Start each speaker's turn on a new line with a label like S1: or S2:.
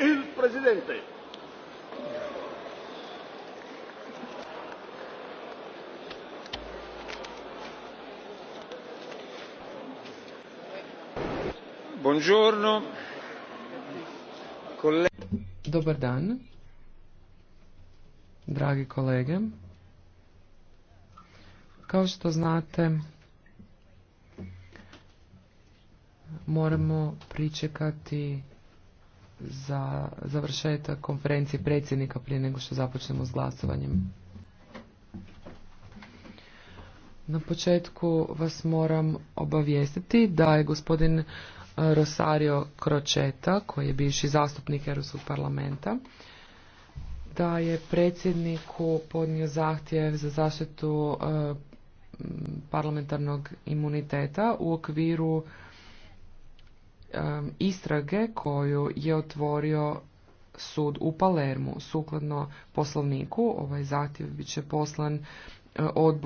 S1: il Presidente.
S2: Buongiorno. Kole...
S1: Dobar dan. Dragi kolege. Kao što znate, moramo pričekati za završetak konferencije predsjednika prije nego što započnemo s glasovanjem. Na početku vas moram obavijestiti da je gospodin e, Rosario Kročeta, koji je bivši zastupnik Europskog parlamenta, da je predsjedniku podnio zahtjev za zaštitu e, parlamentarnog imuniteta u okviru istrage koju je otvorio sud u Palermu. Sukladno poslovniku ovaj zahtjev bit će poslan e, odboru